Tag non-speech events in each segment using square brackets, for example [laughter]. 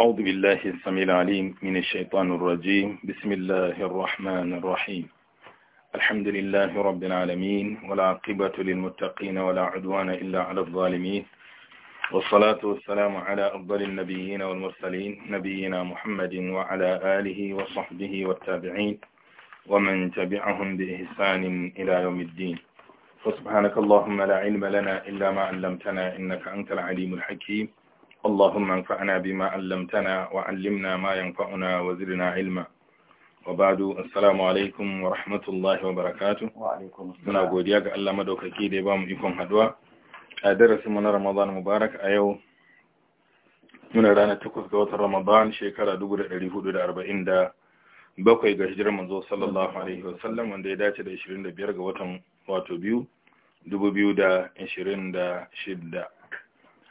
أعوذ بالله السميع العليم من الشيطان الرجيم بسم الله الرحمن الرحيم الحمد لله رب العالمين والعاقبة للمتقين ولا عدوان إلا على الظالمين والصلاة والسلام على أفضل النبيين والمرسلين نبينا محمد وعلى آله وصحبه والتابعين ومن تبعهم بإحسان إلى يوم الدين وسبحانك اللهم لا علم لنا إلا ما علمتنا إنك أنت العليم الحكيم اللهم انفعنا بما علمتنا وعلمنا ما ينفعنا وزدنا علما وبعد السلام alaikum godiya ga Allah madaukaki da ya ba mu ikon haduwa a darasin mu na Mubarak a yau muna ranar 8 watan Ramadan shekara 1447 ga hijirar manzo sallallahu alaihi wa sallam wanda ya dace da 25 ga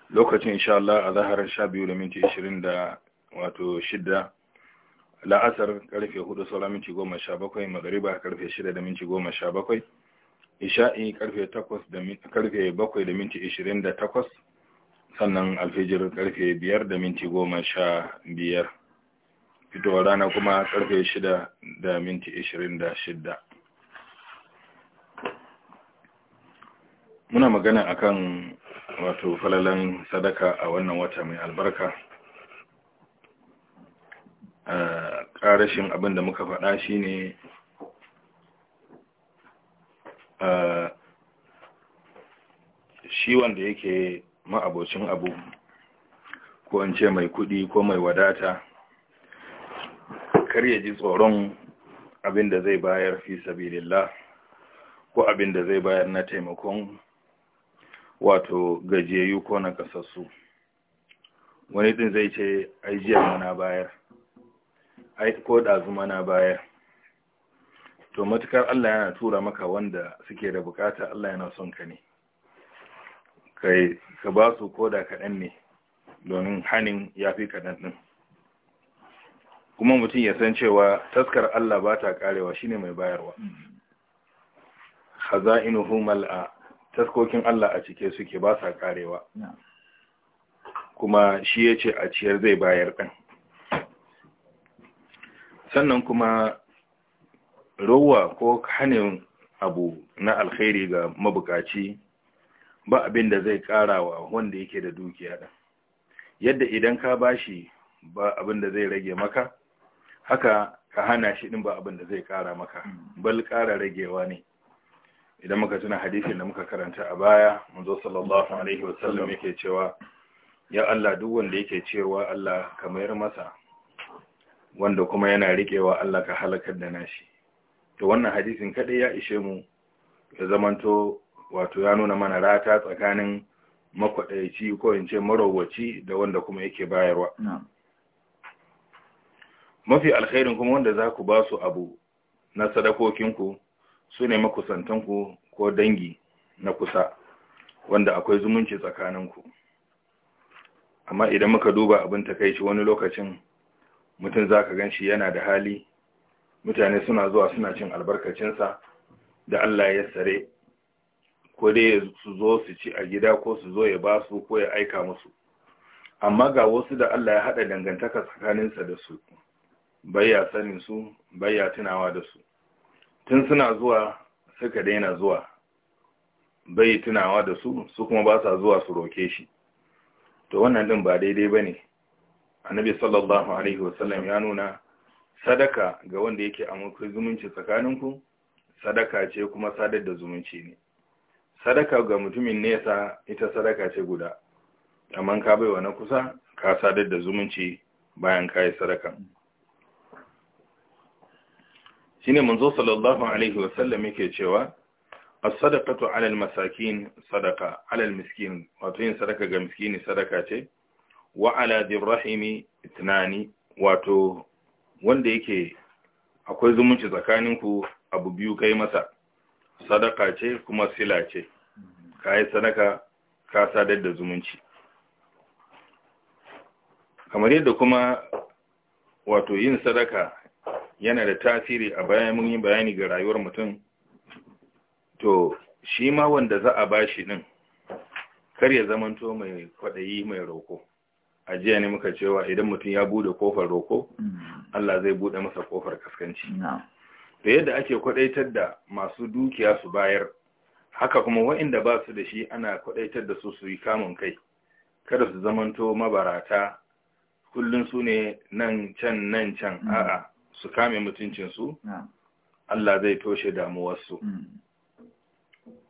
lokacin insha Allah a zaharar sha biyu da minti ashirin da wato shida la'asar karfe hudu sauran minti goma sha bakwai magariba karfe shida da minti goma sha bakwai isha'i karfe takwas da karfe bakwai da minti ashirin da takwas sannan alfijir karfe biyar da minti goma sha biyar fitowar rana kuma karfe shida da minti ashirin da shida muna magana akan wato falalan sadaka a wannan wata mai albarka ah, ƙarashin abin da muka faɗa shi ne ah, shi wanda yake ma'abocin abu ko an ce mai kuɗi ko mai wadata kar ya ji tsoron abin da zai bayar fi sabi ko abin da zai bayar na taimakon wato gajiyayyu ko na kasassu wani din zai ce ai jiya mana bayar ai ko ɗazu mana bayar to matukar Allah yana tura maka wanda suke da bukata Allah yana son ka ne kai ka ba su ko kaɗan ne domin hanin ya fi kaɗan ɗin kuma mutum ya san cewa taskar Allah ba ta ƙarewa shine mai bayarwa mm-hmm. haza'inuhum al'a taskokin Allah a cike suke ba sa karewa kuma shi ya ce a ciyar zai bayar ɗan sannan kuma rowa ko hannun abu na alkhairi ga mabukaci ba abin da zai karawa wanda yake da dukiya ɗan yadda idan ka bashi ba abin da zai rage maka haka ka hana shi ɗin ba abin da zai kara maka mm. bal kara ragewa ne idan muka tuna hadisin da muka karanta a baya manzo sallallahu alaihi wasallam yake cewa ya Allah duk wanda yake cewa Allah ka masa wanda kuma yana riƙewa Allah ka halakar da nashi to wannan hadisin kadai ya ishe mu ya zamanto wato ya nuna mana rata tsakanin makwadaici ko in ce marowaci da wanda kuma yake bayarwa mafi alkhairin kuma wanda za ku ba su abu na sadakokinku su ne makusantanku ko dangi na kusa wanda akwai zumunci tsakaninku amma idan muka duba abin takaici wani lokacin mutum za ka gan shi yana da hali mutane suna zuwa suna cin albarkacinsa da Allah ya sare ko dai su zo su ci a gida ko su zo ya ba su ko ya aika musu amma ga wasu da Allah ya haɗa dangantaka tsakaninsa da su bayya sanin su bayya tunawa da su tun suna zuwa suka daina zuwa bai tunawa da su su kuma ba sa zuwa su roke shi to wannan din ba daidai ba ne annabi sallallahu alaihi wasallam ya nuna sadaka ga wanda yake amurkai zumunci tsakaninku sadaka ce kuma sadar da zumunci ne sadaka ga mutumin nesa ita sadaka ce guda amma ka baiwa na kusa ka sadar da zumunci bayan ka yi sadaka shine manzo sallallahu alaihi wa sallam yake cewa as-sadaqatu 'ala al-masakin sadaqa 'ala miskin wato yin sadaka ga miskini sadaka ce wa 'ala dirhimi itnani wato wanda yake akwai zumunci tsakaninku abu biyu kai masa sadaka ce kuma sila ce kai sadaka ka sadar da zumunci kamar yadda kuma wato yin sadaka yana da tasiri a bayan mun yi bayani ga rayuwar mutum to shi ma wanda za a bashi din kar ya zamanto mai kwaɗayi mai roko a jiya ne muka cewa idan mutum ya bude kofar roko mm. Allah zai bude masa kofar kaskanci da yadda ake kwadaitar da masu dukiya su bayar haka kuma wa'inda ba su da shi ana kwadaitar da su su yi kamun kai kada su zamanto mabarata kullum su ne nan can nan can a'a su kame mutuncinsu Allah zai toshe damuwarsu mm.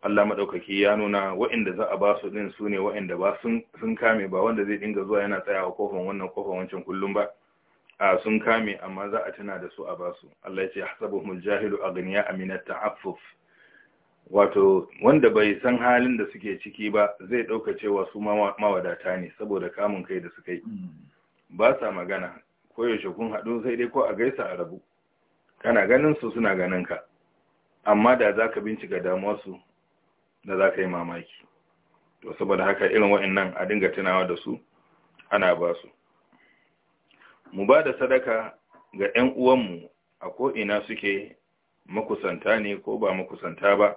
Allah maɗaukaki ya nuna waɗanda za a ba su ɗin su ne waɗanda ba sun kame ba wanda zai dinga zuwa yana tsayawa kofan wannan kofan wancan kullum ba a sun kame amma za a tuna da su a ba su Allah ya ce hasabuhumul jahilu a a aminat ta'affuf wato wanda bai san halin da suke ciki ba zai ɗauka cewa su mawadata ne saboda kamun kai da suka yi mm. ba sa magana Ko koyaushe kun haɗu sai dai ko a gaisa a rabu kana ganin su suna ganin ka amma da za ka bincika damuwarsu da za ka yi mamaki to saboda haka irin wa'annan a dinga tunawa da su ana ba su mu ba da sadaka ga 'yan uwanmu a ko ina suke makusanta ne ko ba makusanta ba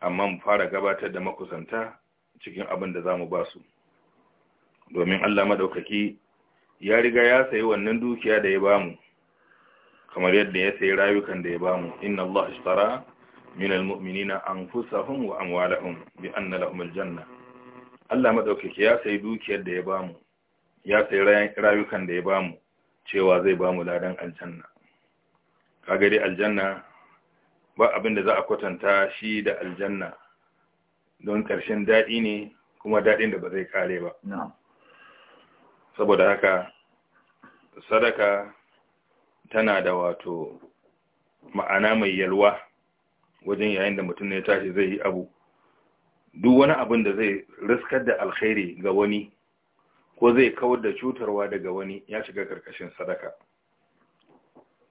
amma mu fara gabatar da makusanta cikin abin da za mu ba su domin allah maɗaukaki ya riga ya sayi wannan dukiya da ya bamu kamar yadda ya sayi rayukan da ya bamu inna Allah ishtara min almu'minina anfusahum wa amwalahum bi anna lahum aljanna Allah madaukaki ya sayi dukiyar da ya bamu ya sayi rayukan da ya bamu cewa zai bamu ladan aljanna kaga dai aljanna ba abin da za a kwatanta shi da aljanna don karshen daɗi ne kuma daɗin da ba zai kare ba na'am saboda haka sadaka tana da wato ma'ana mai yalwa wajen yayin da mutum ya tashi zai yi abu duk wani abin da zai riskar da alkhairi ga wani ko zai kawar da cutarwa daga wani ya shiga karkashin sadaka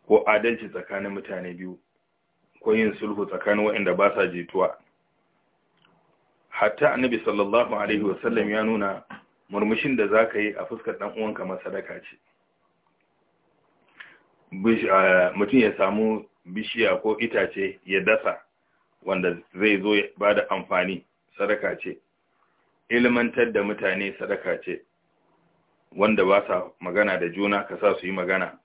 ko adalci tsakanin mutane biyu ko yin sulhu tsakanin waɗanda ba sa jituwa hatta annabi sallallahu alaihi wasallam ya nuna murmushin da za ka yi a fuskar ɗan uwanka ma sadaka ce mutum ya samu bishiya ko itace ya dasa wanda zai zo ba da amfani sadaka ce ilmantar da mutane sadaka ce wanda ba sa magana da juna ka sa su yi magana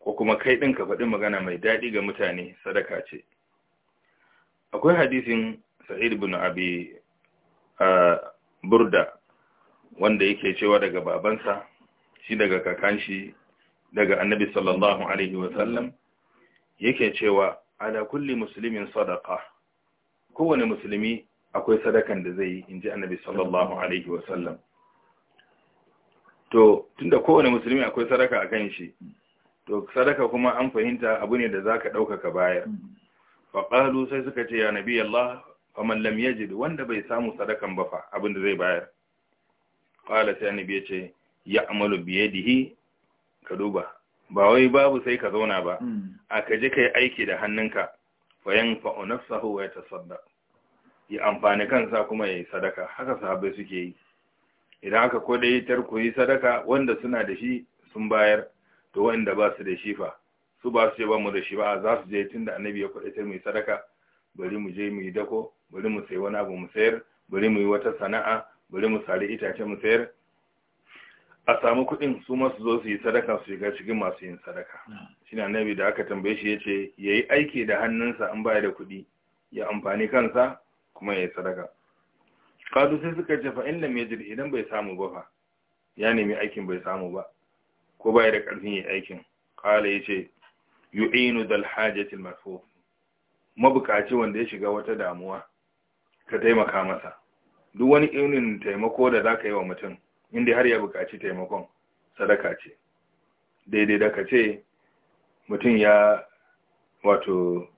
ko kuma kai ɗin ka faɗi magana mai daɗi ga mutane sadaka ce akwai hadisin sa'id bin abi burda wanda yake cewa daga babansa shi daga kakanshi daga annabi sallallahu alaihi wasallam yake cewa ala kulli muslimin sadaqa kowane musulmi akwai sadakan da zai yi inji annabi sallallahu alaihi wasallam to tunda kowane musulmi akwai sadaka kan shi to sadaka kuma an fahimta abu ne da zaka dauka ka bayar fa qalu sai suka ce ya nabi Allah faman lam yajid wanda bai samu sadakan ba fa abin da zai bayar qala sai annabi ya ce amalu biye dihi ka duba ba wai babu sai ka zauna ba hmm. a ka je yi aiki da hannunka fa yanfa'u nafsahu ya yatasaddaq ya amfani kansa kuma ya yi sadaka haka sahabai suke yi idan aka kodai tarko yi sadaka wanda suna da shi sun bayar to wanda ba su da shi fa su ba su je ba mu da shi ba za su je tun da annabi ya kodai ta mai sadaka bari mu je mu yi dako bari mu sayi wani abu mu sayar bari mu yi wata sana'a bari mu sari itace mu sayar a samu kuɗin su masu zo su yi sadaka su shiga cikin masu yin sadaka na annabi da aka tambaye shi ya ce ya yi aiki da hannunsa an baya da kuɗi ya amfani kansa kuma ya yi sadaka kadu sai suka ce fa in mai jiri idan bai samu ba fa ya nemi aikin bai samu ba ko baya da ƙarfin yi aikin kala yace yu'inu dal hajati al mabukaci wanda ya shiga wata damuwa ka taimaka masa duk wani irin taimako da za ka yi wa mutum inda har ya buƙaci taimakon sadaka ce daidai da ka ce mutum ya wato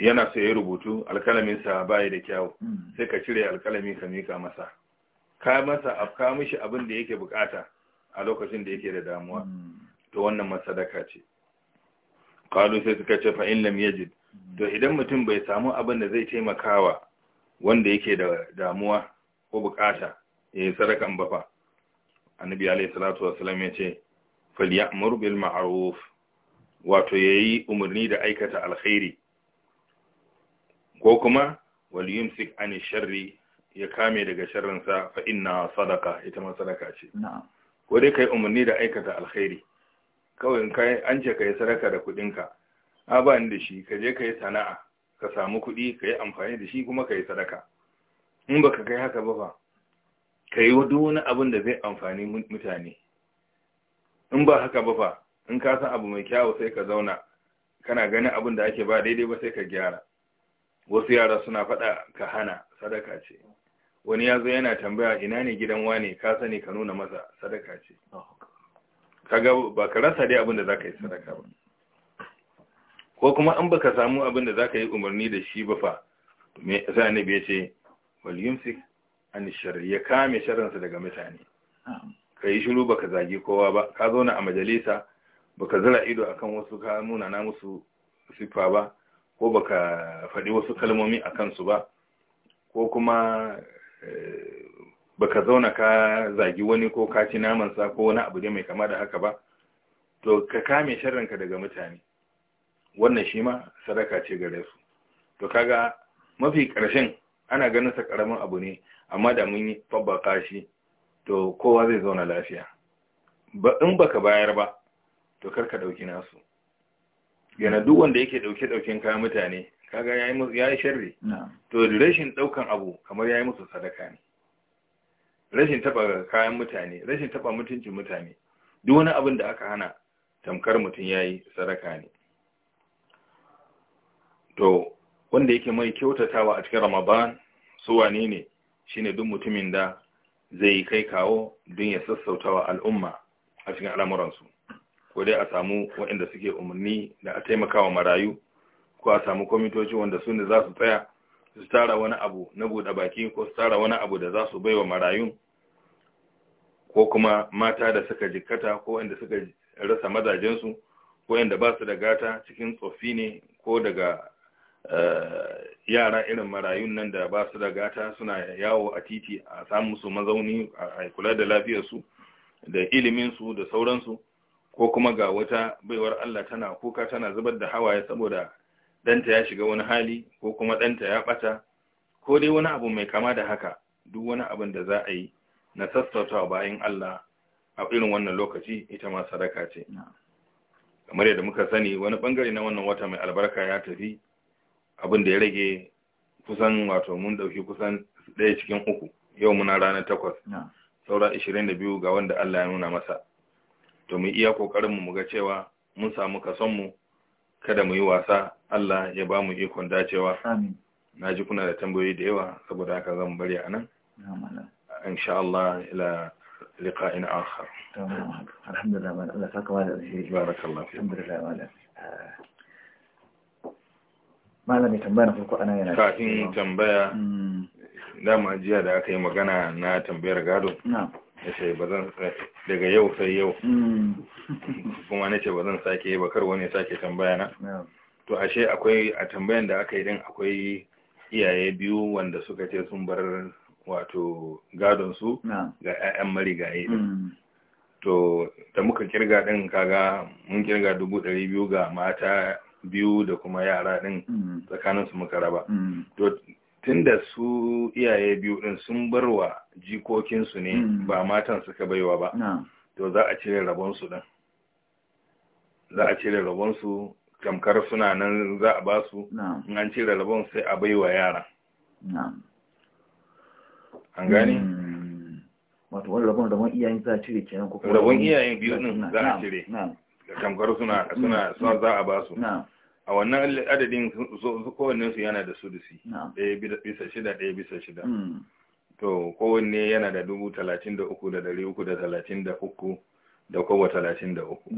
yana so ya rubutu alkalaminsa baya da kyau, sai ka cire alkalami ka mika masa ka masa ka mishi abin da yake bukata a lokacin da yake da damuwa to wannan masadaka ce qalu sai suka ce fa in lam to idan mutum bai samu abin da zai taimakawa wanda yake da damuwa ko bukata ya eh, yi sadakan bafa annabi alayhi salatu wasallam ya ce falyamur bil ma'ruf wato yayi umarni da aikata alkhairi ko kuma wal yumsik an sharri ya kame daga sharrin sa fa inna sadaka ita ma sadaka ce ko dai kai umarni da aikata alkhairi kawai in kai an ce kai sadaka da kudin ka a ba ni da shi ka je kai sana'a ka samu kuɗi ka yi amfani da shi kuma ka yi sadaka in ba ka kai haka ba fa ka yi wani abin da zai amfani mutane in ba haka ba fa in ka san abu mai kyawu sai ka zauna kana ganin abin da ake ba daidai ba sai ka gyara wasu yara suna faɗa ka hana sadaka ce wani ya zo yana tambaya ina ne gidan wane ka sani ka nuna masa sadaka ce Ka ga ba ka rasa dai abin da za ka yi sadaka ba ko kuma an baka samu abin da zaka yi umarni da shi ba fa me sai annabi ya ce wal yumsik an shar ya kame sharrinsa daga mutane kai shiru baka zagi kowa ba ka zauna a majalisa baka zira ido akan wasu ka nuna na musu sifa ba ko baka faɗi wasu kalmomi a kansu ba ko kuma eh, baka zauna ka zagi wani ko ka ci namansa ko wani abu dai mai kama da haka ba to ka kame sharranka daga mutane wannan shi ma sadaka ce gare su to kaga mafi ƙarshen ana ganin sa ƙaramin abu ne amma da mun yi tabbaka shi to kowa zai zauna lafiya ba in baka bayar ba to karka dauki nasu yana duk wanda yake dauke daukin kayan mutane kaga yayi musu yayi sharri to rashin daukan abu kamar yayi musu sadaka ne rashin taba kayan mutane rashin taba mutuncin mutane duk wani abin da aka hana tamkar mutun yayi sadaka ne to wanda yake mai kyautatawa a cikin ramadan su wane ne shine duk mutumin da zai yi kai kawo don ya sassautawa al'umma a cikin al'amuransu ko dai a samu waɗanda suke umarni da a taimakawa marayu ko a samu kwamitoci wanda su ne za su tsaya su tara wani abu na buɗe baki ko su tara wani abu da za su baiwa marayun ko kuma mata da suka jikkata ko waɗanda suka rasa mazajensu ko waɗanda ba su da gata cikin tsoffi ne ko daga Eh, yara irin marayun nan da ba su da gata suna yawo a titi a samu su mazauni a kula da lafiyarsu da iliminsu da sauransu ko kuma ga wata baiwar Allah tana kuka tana zubar da hawaye saboda ɗanta ya shiga wani hali ko kuma ɗanta ya ɓata ko dai wani abu mai kama da haka duk wani abin da za a yi na sassautawa bayan Allah a irin wannan lokaci ita ma sadaka ce kamar yadda muka sani wani bangare na wannan wata mai albarka ya tafi abin da ya rage kusan wato mun dauki kusan ɗaya cikin uku yau muna ranar takwas saura ishirin da biyu ga wanda Allah ya nuna masa to mu iya kokarin mu ga cewa mun samu kason mu kada mu yi wasa Allah ya ba mu ikon dacewa na ji kuna da tambayoyi da yawa saboda haka zan bari a nan insha Allah ila liqa'in akhar alhamdulillah Allah saka wa da alheri barakallahu alhamdulillah malami tambaya na farko ana yana kafin tambaya mm. dama jiya da aka yi magana na tambayar gado ya ba zan daga yau sai yau mm. [laughs] kuma na ce ba zan sake ba bakar wani sake tambaya na to ashe akwai a tambayan da aka yi din akwai iyaye biyu wanda suka ce sun bar wato gadon su ga 'ya'yan marigaye mm. to da muka kirga din kaga mun kirga dubu ɗari biyu ga mata biyu da kuma yara din mm. tsakanin su muka raba mm. to tunda su iyaye biyu din sun bar wa jikokinsu ne mm. ba matan suka baiwa ba to za a cire rabonsu ɗin, din za a cire rabonsu kamkar tamkar suna nan za a ba su in an cire rabon sai a baiwa yara an gane wato wani rabon rabon iyayen za a cire kenan ko rabon iyayen biyu din za a cire kamkar suna suna za a ba su a wannan adadin kowanne su yana da su ɗaya bisa shida ɗaya bisa shida hmm. to kowanne yana da dubu talatin da uku da dari uku da talatin da uku da kowa talatin da uku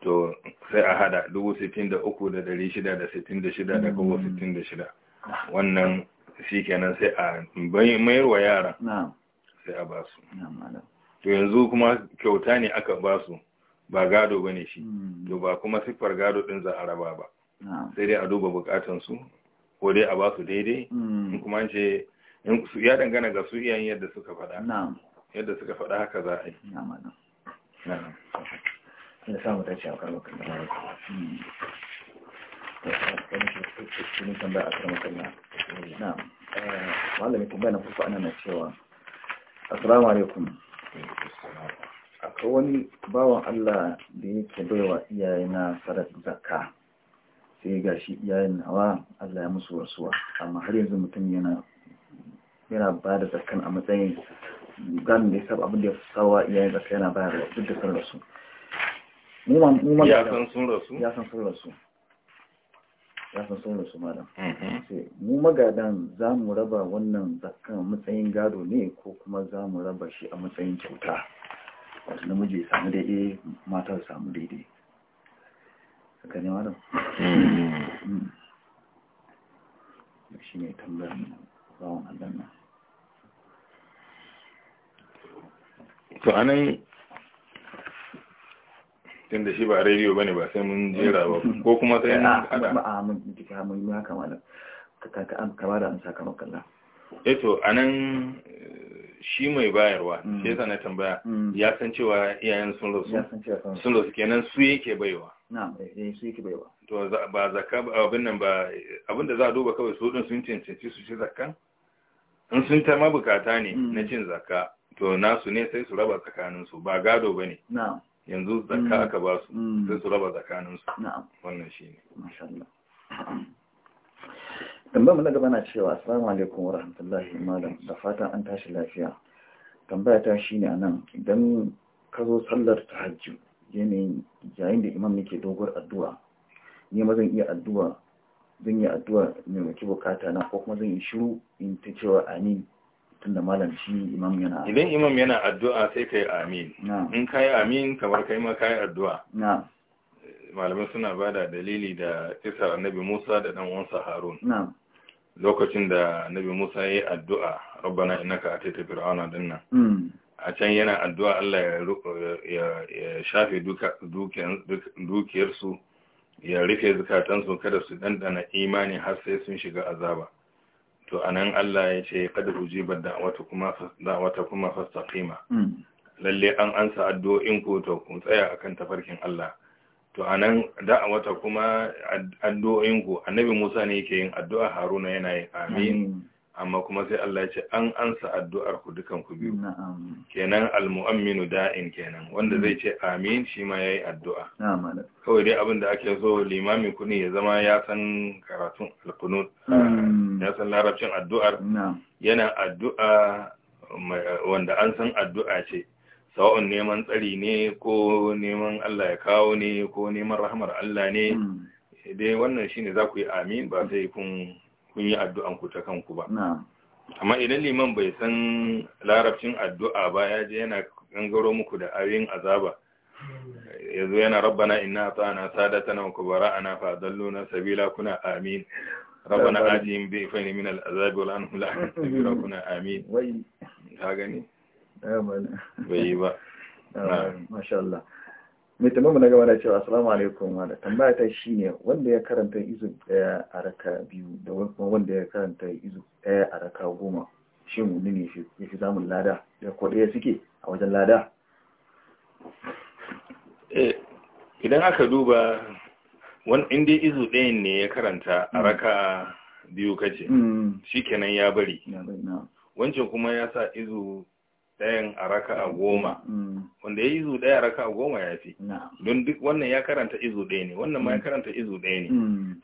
to sai a hada dubu sittin da uku da dari shida da sittin da shida da kowa hmm. sittin da shida wannan shi kenan sai a mayar wa yara sai a basu to yanzu kuma kyauta ne aka basu ba gado ba ne shi hmm. to ba kuma siffar gado ɗin za a raba ba sai dai a duba bukatansu ko dai a ba mm. su daidai kuma ce ya dangana ga su iyayen yadda suka faɗa yadda suka faɗa haka za a yi samu ta ce a karbar assalamu alaikum akwai wani bawan Allah da yake baiwa iyaye na sadar zakka sai ga shi iyayen nawa Allah ya musu rasuwa amma har yanzu mutum yana yana ba da zakan a matsayin gani da ya saba abin da ya sawa iyayen zaka yana ba da duk da sun rasu ya san sun rasu ya san sun rasu ya san sun rasu mu magadan za mu raba wannan zakan a matsayin gado ne ko kuma za mu raba shi a matsayin kyauta wasu namiji ya samu daidai mata samu daidai haka ne malam mm-hmm. shi ne tambayar bawon allah nan to anan tun da shi ba rediyo ba ne ba sai mun jera ba ko kuma sai mun kada ba a mun jika mun yi haka malam kama da an sakamakon nan eto a nan shi mai bayarwa mm. sai yasa na tambaya mm. ya san cewa iyayen sun rasu sun rasu kenan su yake baiwa na'am eh, eh to ba zakka abin nan ba abin da za a duba kawai su sun cancanci su ci zakka in sun ta mabukata ne mm. na cin zakka to nasu ne sai su raba tsakanin su ba gado ba ne yanzu zakka mm. aka ba su mm. sai su raba tsakanin su wannan shi ne. tambayar na gaba na cewa assalamu alaikum wa rahmatullahi malam da fatan an tashi lafiya tambaya ta shi ne a nan idan ka zo sallar tahajjud yanayin yayin da imam nake dogon addu'a ni ma zan iya addu'a zan yi addu'a mai maki bukata na ko kuma zan yi shiru in ta cewa amin tunda malam shi imam yana idan imam yana addu'a sai kai amin in kai amin kamar kai ma kai addu'a na malamin suna bada dalili da kisar annabi Musa da dan uwansa Harun na lokacin da annabi Musa ya yi addu'a rabbana innaka atayta fir'auna dinnan mm. a can yana addu'a Allah ya shafe dukiyarsu ya rufe zukatansu kada su dandana imani har sai sun shiga azaba to anan Allah ya ce kada ujibar da'awata kuma wata kuma fastaqima hmm. lalle an ansa addu'o'in ku to ku tsaya akan tafarkin Allah to anan da'awata kuma addu'o'in ku annabi Musa ne yake yin addu'a Haruna yana yin amin hmm. amma kuma sai Allah ya ce an ansa addu'ar ku dukan ku biyu kenan almu'amminu da'in kenan wanda zai ce amin shi ma yayi addu'a kawai dai abin da ake so limamin ku ne ya zama ya san karatun alqunut hmm. ya san larabcin addu'ar yana addu'a wanda an san addu'a ce sawa'un neman tsari ne ko neman Allah ya kawo ne ko neman rahmar Allah ne hmm. dai wannan shine za ku yi amin ba sai kun kun yi addu'an ku ta kanku ba amma idan liman bai san larabcin addu'a ba ya je yana gangaro muku da ayin azaba yanzu yana rabbana inna ta'ana sadatana wa kubara'ana fa dalluna sabila kuna amin rabbana ajihim bi fayni min al'azabi wal anhum la sabila [laughs] kuna amin wai ka gani bai yi ba masha Allah mai tambayar na gaba da cewa assalamu alaikum wanda tambaya ta shi ne wanda ya karanta izu daya a raka biyu da wanda ya karanta izu daya a raka goma shin mu ne ya fi zamun lada da ko ya suke a wajen lada eh, idan aka duba wani inda izu ɗaya ne ya karanta a mm. raka biyu kace mm. kenan ya bari wancan kuma ya sa izu ɗayan a raka a mm. goma mm. wanda ya izu ɗaya a raka a goma ya fi don duk wannan ya karanta izu ɗaya ne wannan ma ya mm. karanta izu ɗaya ne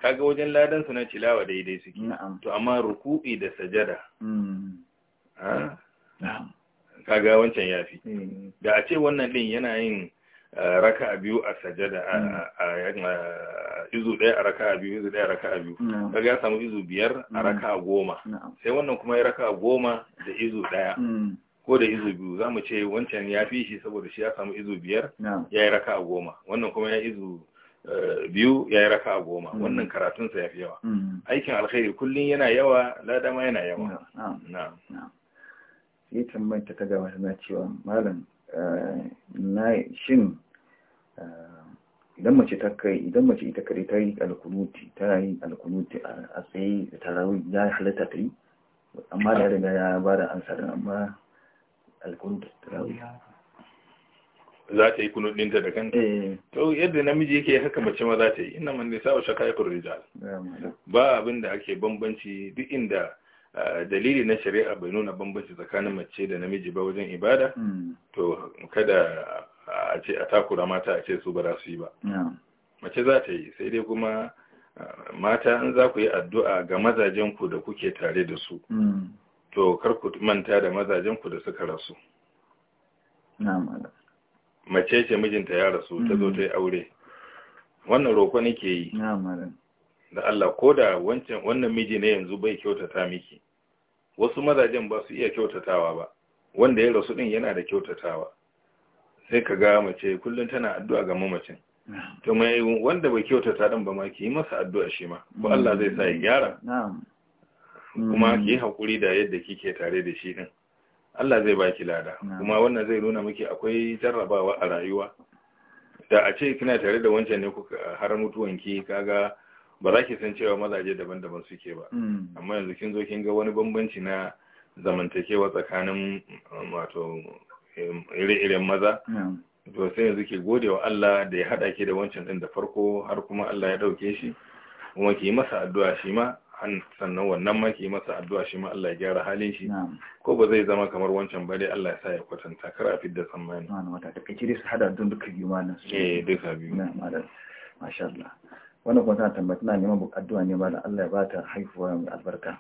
kaga wajen ladan su na cilawa daidai suke to amma ruku'i da sajada ah? kaga wancan ya fi eh. da a ce wannan ɗin yana yin ah, raka a biyu a sajada a izu ɗaya a raka a biyu izu ɗaya a a biyu kaga ya samu izu biyar a raka a goma sai wannan kuma ya raka a goma da izu ɗaya ko da izu biyu za mu ce wancan ya fi shi saboda shi ya samu izu biyar ya yi raka a goma wannan kuma ya izu eh, biyu ya yi raka a goma mm. wannan karatunsa ya fi yawa mm. aikin alkhairi kullum yana yawa ladama yana yawa yi ta gaba na cewa malam eh, na shin eh, idan mace ta kai idan mace ita kare ta yi alkunuti ta yi alkunuti a tsaye da tarawih ya halatta ta yi amma da riga ya ba da ansa amma za ta yi kunut da kanta eh. yadda namiji yake haka mace ma za ta yi ina man nisa wa shakaikur rijal ba abin da ake bambanci duk inda dalili na shari'a bai nuna bambanci tsakanin mace da namiji ba wajen ibada hmm. to kada a ce a takura mata a ce su ba su yi ba mace za ta yi sai dai kuma mata an za ku yi addu'a ga mazajenku da kuke tare da su hmm. to kar ku manta da mazajen ku da suka rasu mace ce mijinta ya rasu ta zo mm. ta yi aure wannan roƙo nake yi da Allah ko da wannan miji ne yanzu bai kyautata miki wasu mazajen ba su iya kyautatawa ba wanda ya rasu din yana da kyautatawa sai ka ga mace kullum tana addu'a ga mamacin to mai wanda bai kyautata din ba ma ki yi masa addu'a shi ma ko Allah zai sa ya gyara kuma mm. ki hakuri da yadda kike tare da shi din Allah zai baki lada kuma wannan zai nuna miki akwai jarrabawa a rayuwa da a ce kina tare da wancan ne kuka har mutuwanki kaga ba za ki san cewa mazaje daban-daban suke ba mm. amma yanzu kin zo kin ga wani bambanci na zamantakewa tsakanin um, wato um, ire-iren maza to sai yanzu ki gode wa Allah da ya haɗa ki da wancan din da farko har kuma Allah ya ɗauke shi kuma ki yi masa addu'a shi ma sannan wannan ma ke masa addu'a shi ma Allah ya gyara halin shi ko ba zai zama kamar wancan ba dai Allah ya sa ya kwatanta kar a fidda tsammani wannan wata da kace hada don duka biyu ma nan eh duka biyu na malam masha Allah wannan kuma neman addu'a ne da Allah ya bata haifuwa mai albarka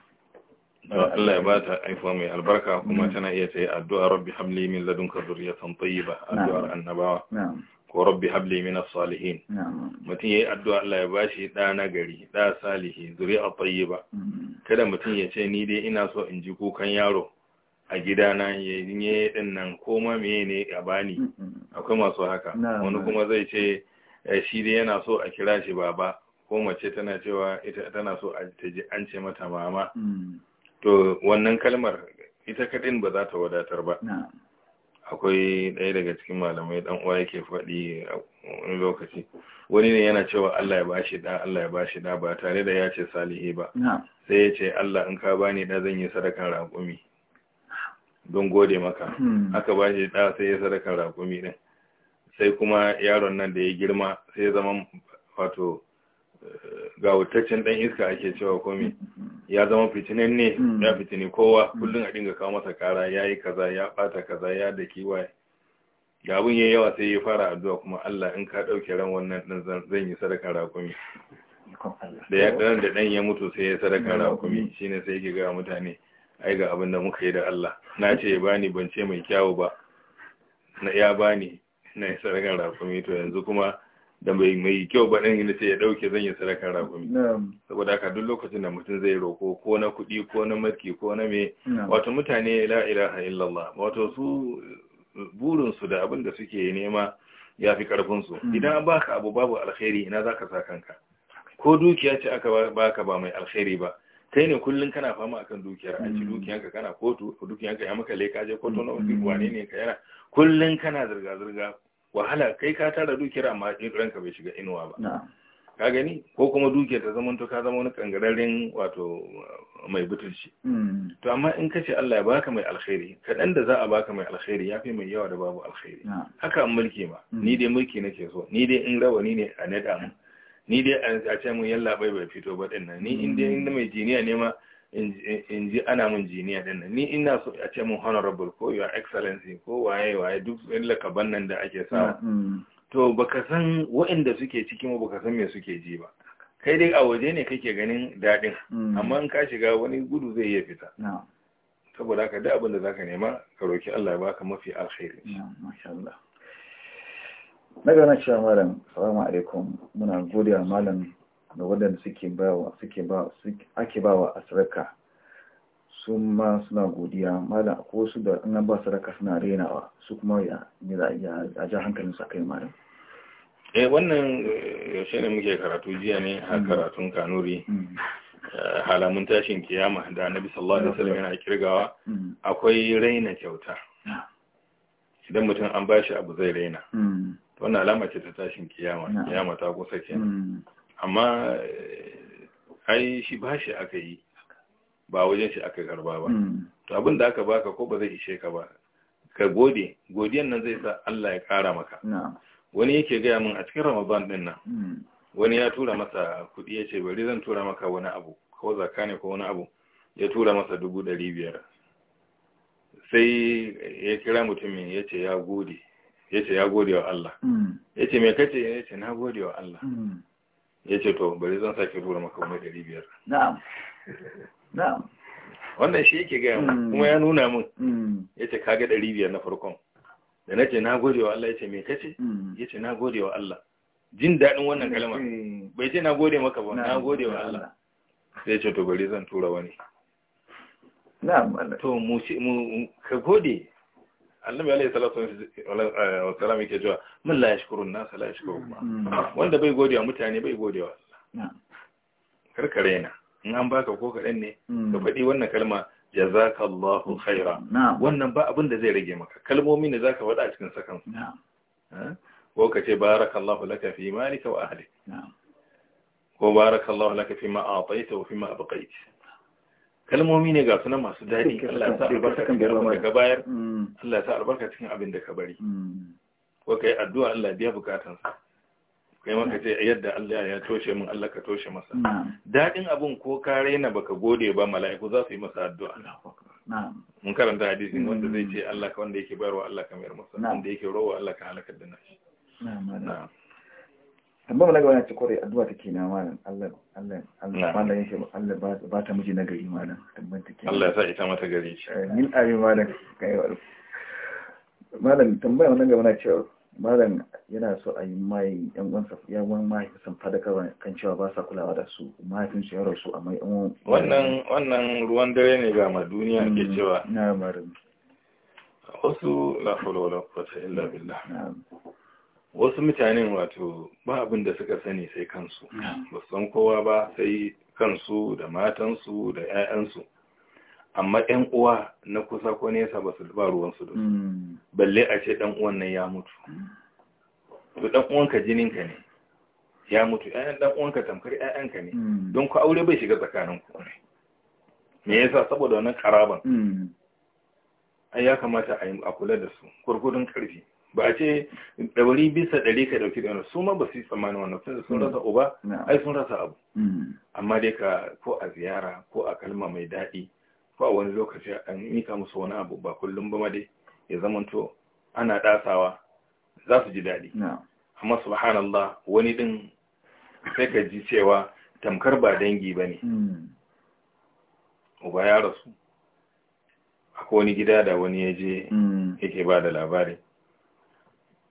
eh, Allah ya haifuwa mai albarka kuma tana iya ta yi addu'a rabbi hamli min ladunka dhurriyatan ba, addu'ar annabawa na'am ko rabbi habli min as-salihin mutum yayi addu'a Allah ya bashi da gari da salihi zuri'a tayyiba mm-hmm. kada mutum ya ce ni dai ina so in ji kukan yaro a gidana ya yi din nan koma me ne a bani mm-hmm. akwai masu haka wani kuma zai ce eh, shi dai yana so a kira shi baba ko mace tana cewa ita tana so ta ji an ce mata mama mm-hmm. to wannan kalmar ita kadin ba za ta wadatar ba akwai ɗaya daga cikin malamai dan uwa yake faɗi a wani lokaci wani ne yana cewa Allah ya bashi da Allah ya bashi da ba tare da ya ce salihi ba sai ya ce Allah in ka bani da zan yi sadakan raƙumi don gode maka hmm. aka bashi da sai ya sadakan raƙumi din sai kuma yaron nan da ya girma sai ya zama wato ga ɗan dan iska ake cewa komi ya zama fitinin ne hmm. ya fitini kowa hmm. kullum a dinga kawo masa kara ya yi kaza ya bata kaza ya da kiwaye Ga abin yayi yawa sai ya fara addu'a kuma Allah in ka dauke ran wannan dan zan yi sadaka rakumi da ya dan da dan ya mutu sai ya sadaka hmm. rakumi shine sai yake ga mutane ai ga abin da muka yi da Allah na ce ya bani ban ce mai kyawu ba na ya bani na yi sadaka rakumi to yanzu kuma da mai mai kyau ba nan yana ce ya dauke zan yi sadaka rakumi saboda haka duk lokacin da mutum zai roko ko na kuɗi ko na marki ko na me wato mutane la ilaha illallah wato su burin su da abin da suke nema ya fi karfin su hmm. idan an baka abu babu alkhairi ina zaka sa kanka ko dukiya ce aka baka ba mai alkhairi ba kai ne kullun kana fama akan dukiyar an ci hmm. dukiyanka kana kotu dukiyanka ya maka leka je kotu na wani hmm. wane ne ka yana kullun kana zirga zirga wahala kai ka tara dukiyar amma ranka bai shiga inuwa ba ka gani ko kuma dukiyar ta zama ka zama wani kangararren wato uh, mai butulci hmm. to amma in ka ce Allah ya baka mai alkhairi kaɗan da za a baka mai alkhairi ya fi mai yawa da babu alkhairi haka an mulki ma hmm. ni dai mulki nake so ni dai in rawani ne a naɗa mu ni dai a ce mun yalla bai bai fito ba ɗin nan ni hmm. in dai mai jiniya ne ma in ji ana mun jiniya din ni ina so a ce mun honorable ko your excellency ko waye waye duk lakaban nan da ake sa mm, mm. to baka san waɗanda suke cikin baka san me suke ji ba kai dai a waje ne kake ganin daɗin mm. amma in ka shiga wani gudu zai iya fita saboda haka duk abin da zaka nema ka roki Allah ya baka mafi alkhairi masha Allah na gana cewa malam salamu alaikum muna godiya malam da waɗanda suke bawa suke ba ake bawa a sarka su ma suna godiya mala ko su da an ba sarka suna renawa su kuma ya a ja hankalin sa kai malam eh wannan eh, yaushe ne muke karatu jiya ne a mm. karatun kanuri mm. eh, halamun tashin kiyama da annabi sallallahu alaihi wasallam yana kirgawa mm. akwai raina kyauta idan mutum an bashi abu zai raina wannan alama ce ta tashin kiyama kiyama ta kusa kenan amma eh, ai shi ba shi aka yi ba wajen shi aka karba ba hmm. to abin da aka baka ko ba zai ishe ka ba ka gode godiyan nan zai sa Allah ya kara maka wani yake gaya min a cikin ramadan din nan hmm. wani ya tura masa kuɗi ya ce bari zan tura maka wani abu ko zaka ko wani abu ya tura masa dubu ɗari biyar sai ya kira mutumin ya ce ya gode ya ce ya gode wa Allah hmm. ya ce me kace ya ce na gode wa Allah ya ce to bari zan sake tura maka wani ɗari biyar wannan shi yake gaya kuma ya nuna mun. Mm. ya ce kaga ɗari biyar na farkon da na ce na gode wa Allah ya ce me kace mm. ya ce na gode wa Allah jin daɗin wannan kalmar mm. bai ce na gode maka ba na gode wa Allah sai ce to bari zan tura wani na'am to mu ka gode annabi alaihi salatu wa salam yake cewa mun la yashkurun nas la yashkurun mm. wanda bai godewa mutane bai godewa Allah karkare na in an baka ko kadan ne ka mm. faɗi wannan kalma jazakallahu khaira wannan ba abin da zai rage maka kalmomi ne zaka faɗa a cikin sakan eh? ko ka ce barakallahu laka fi malika wa ahlik ko barakallahu laka fi ma ataita wa fi ma abqaita kalmomi ne ga suna masu daɗi Allah ya sa albarka cikin abin da ka bayar mm. Allah ya sa albarka cikin abin da ka bari mm. ko kai addu'a Allah biya bukatansa kai maka ce yadda Allah ya toshe min Allah ka toshe masa dadin abun ko ka raina baka gode ba mala'iku za su yi masa addu'a mun karanta hadisin mm. wanda zai ce Allah ka wanda yake bayarwa Allah ka mayar masa wanda yake rawa Allah ka halaka da nashi na'am tambaya na gaba na ci kwarai addu'a take na malam Allah Allah Allah malam yake Allah ba ta miji na gari malam tambayar take Allah ya sa ita mata gari eh, min amin malam kai wa malam tambaya wannan gaba na cewa malam yana so a yi mai yan uwansa ya wani mai san fadakar kan cewa ba sa kulawa da su mahaifin su ya rasu amma yan wannan wannan ruwan dare ne ga ma duniya ke mm, cewa na malam wasu la hawla wala quwwata illa billah na'am wasu mutanen wato ba abin da suka sani sai kansu mm. ba san kowa ba sai kansu da matansu da 'ya'yansu amma 'yan uwa na kusa ko nesa ba su ba ruwansu da mm. balle a ce ɗan uwan nan ya mutu mm. to ɗan jinin ka ne ya mutu 'ya'yan ɗan ka tamkar ka ne don ku aure bai shiga tsakanin ne me yasa saboda wannan karaban ai ya kamata a kula da su kurkudun karfi ba a ce ɗauri bisa ɗari ka ɗauki ɗauri su ma ba su yi tsammanin wannan sun hmm. rasa uba ai sun rasa abu hmm. amma dai ka ko a ziyara ko a kalma mai daɗi ko a wani lokaci an mika musu wani abu ba kullum ba ma dai ya zamanto ana ɗasawa za su ji daɗi amma subhanallah wani ɗin sai ka ji cewa tamkar ba dangi ba ne hmm. uba ya rasu akwai wani gida da wani ya je yake ba da labari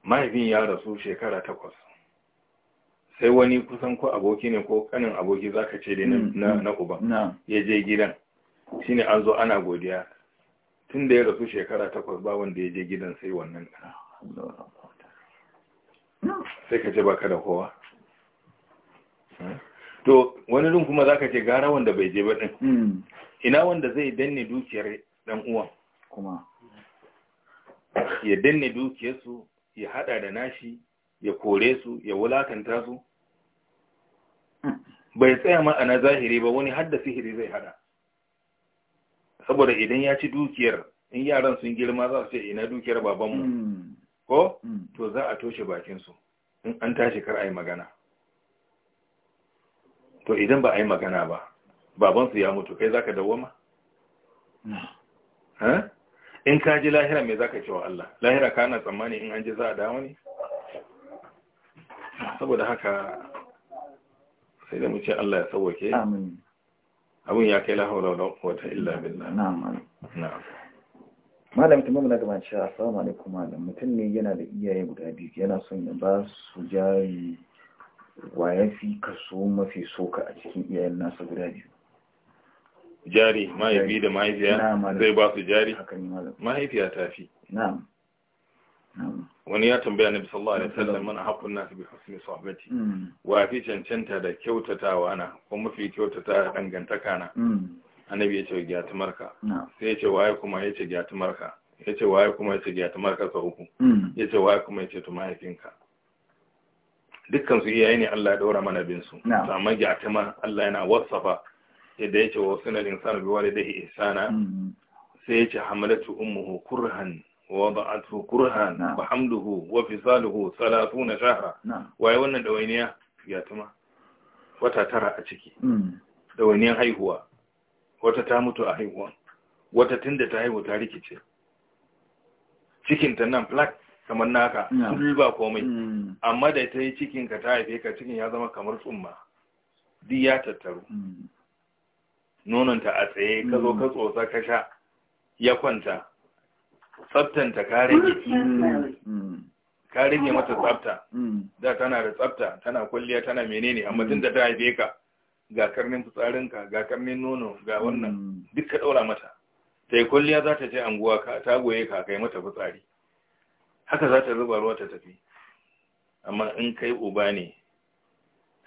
mahaifin ya rasu shekara takwas sai wani kusan ko aboki ne ko kanin aboki zaka ce dai na mm, mm, uba. ya je gidan shine an zo ana godiya tun da ya rasu shekara takwas ba wanda ya je gidan sai wannan sai ka ce baka da kowa eh? to wani rin kuma zaka ce gara wanda bai je ba din mm. ina wanda zai danne dukiyar dan uwan kuma ya danne dukiyarsu ya haɗa da nashi ya kore su ya wulakanta su bai tsaya ma'ana zahiri ba wani hadda sihiri zai hada saboda idan ya ci dukiyar in yaran sun girma za su ce ina dukiyar babanmu ko to za a toshe bakinsu in an tashi kar a yi magana to idan ba a yi magana ba babansu ya mutu kai za ka dawoma? Hmm. in ka ji lahira me zaka ce wa Allah lahira kana tsammani in an ji za a dawo ne saboda haka sai da mu ce Allah ya sauke amin abun ya kai la hawla wala quwwata illa billah na'am na'am malam tamam na gama cewa assalamu alaikum malam mutum ne yana da iyaye guda biyu yana son ya ba su jari wa ya fi kaso mafi soka a cikin iyayen nasa guda biyu jari mahaifi da mahaifiya zai ba su jari mahaifiya ta fi wani ya tambaya na sallallahu alaihi wasallam man haqqun nas bi mai sahbati mm. wa fi cancanta da kyautatawa na ko mafi kyautata dangantaka na mm. annabi ya ce wa marka sai ya ce waye kuma ya ce marka ya ce waye kuma ya ce marka sau uku mm. ya ce waye kuma ya ce tu mahaifinka dukkan su iyaye ne Allah ya daura mana bin su amma ma Allah yana wasafa yadda yake wa sunan insanu bi walidayhi ihsana mm-hmm. sai yace hamalatu ummuhu kurhan wa wada'atu kurhan wa hamduhu wa fisaluhu 30 shahra waye wannan dawainiya ya tuma wata tara a ciki mm. dawainiyan haihuwa wata ta mutu a haihuwa wata tunda ta haihu ta rikice cikin ta nan plak kamar naka sun ba komai mm. amma da ta yi cikin ka ta haife ka cikin ya zama kamar tsumma duk ya tattaru mm. nononta a tsaye ka zo ka hmm. tsotsa ka sha ya kwanta tsaftanta ka hmm. rage hmm. ka rage mata tsafta da tana da tsafta tana kwalliya tana menene amma tun da ta haife ka ga karnin fitsarinka ga karnin nono ga wannan duk ka daura mata ta yi kwalliya za ta je anguwa ka ta goye ka kai mata fitsari haka za ta zuba ruwa ta tafi amma in kai uba ne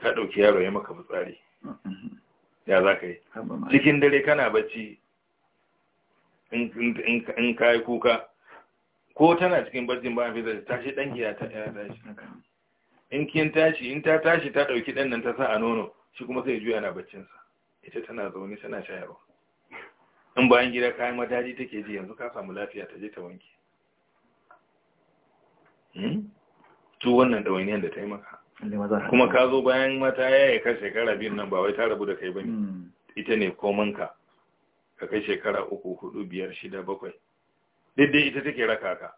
ka ɗauki yaro ya maka fitsari ya za ka yi cikin dare kana bacci in ka yi kuka ko tana cikin barcin ba a fitar tashi ɗan ya tashi in kin tashi in ta tashi ta ɗauki ɗan nan ta sa a nono shi kuma sai juya na baccinsa ita tana zaune tana shayarwa in bayan gida kayan madaji take ji yanzu ka samu lafiya ta je ta wanke Tuwon hmm? wannan ɗawainiyar da ta yi maka kuma ka zo bayan mata ya yi ka shekara biyun nan ba wai ta rabu da kai ba ne mm. ita ne komanka ka kai shekara uku hudu biyar shida bakwai daidai ita take raka ka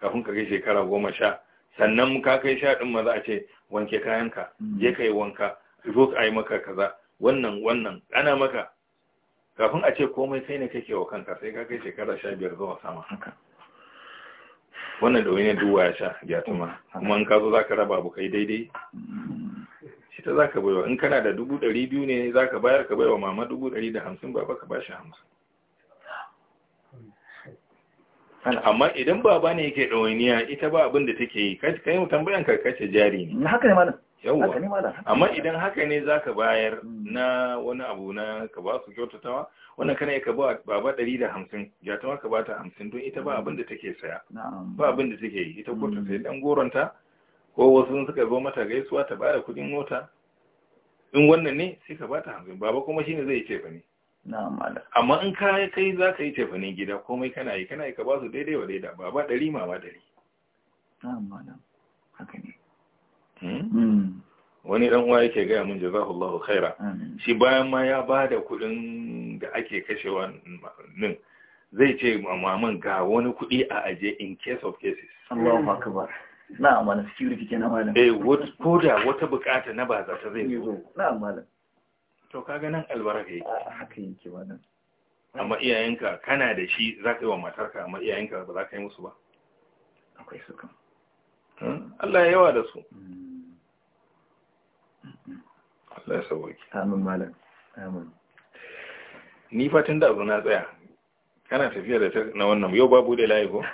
kafin ka kai shekara goma sha sannan ka kai sha ɗin maza a ce wanke ka. Mm. je ka yi wanka zo ka yi maka kaza wannan wannan ana maka kafin a ce komai sai ne kake wa kanka sai ka kai shekara sha biyar zuwa sama wannan da wani duwa ya sha ya tuma kuma in ka zo za ka raba abu kai daidai shi ta za ka baiwa in kana da dubu ɗari biyu ne za ka bayar ka baiwa mama dubu ɗari da hamsin baba ka ba shi hamsin amma idan baba ne yake ɗawainiya ita ba abin da take yi kai mu tambayan karkace jari ne haka ne malam yawwa amma idan haka ne zaka bayar hmm. na wani abu na ka ba su kyautatawa wannan kana ka ba baba hamsin, ya ta ka bata hamsin, don ita ba hmm. abin da take saya ba abin da take yi ita ko ta sai hmm. ɗan goronta ko wasu suka zo mata gaisuwa ta bada kudin mota in wannan ne sai ka bata hamsin, baba kuma shine zai ce ba ne amma in ka kai za ka yi tefanin gida komai kana yi kana yi ka ba su daidai wa daidai, baba ɗari, mama ɗari. na'am malam haka ne Hmm? Hmm. wani dan uwa yake gaya mun Allahu khaira shi bayan ma ya bada kuɗin da ake kashewa nin zai ce mamman ga wani kuɗi a aje in case of cases Allahu hmm. akbar na amana security kenan malam eh ko da wata bukata na ba za ta zai zo na malam to kaga nan albaraka yake ah, haka yake malam amma iyayenka kana da shi za ka yi wa matarka amma iyayenka ba za ka yi musu ba akwai su kan Allah ya yawa da su Allah ya sauwaki amin malam amin ni fatan da abu na tsaya kana tafiya da na wannan yau babu da layi ko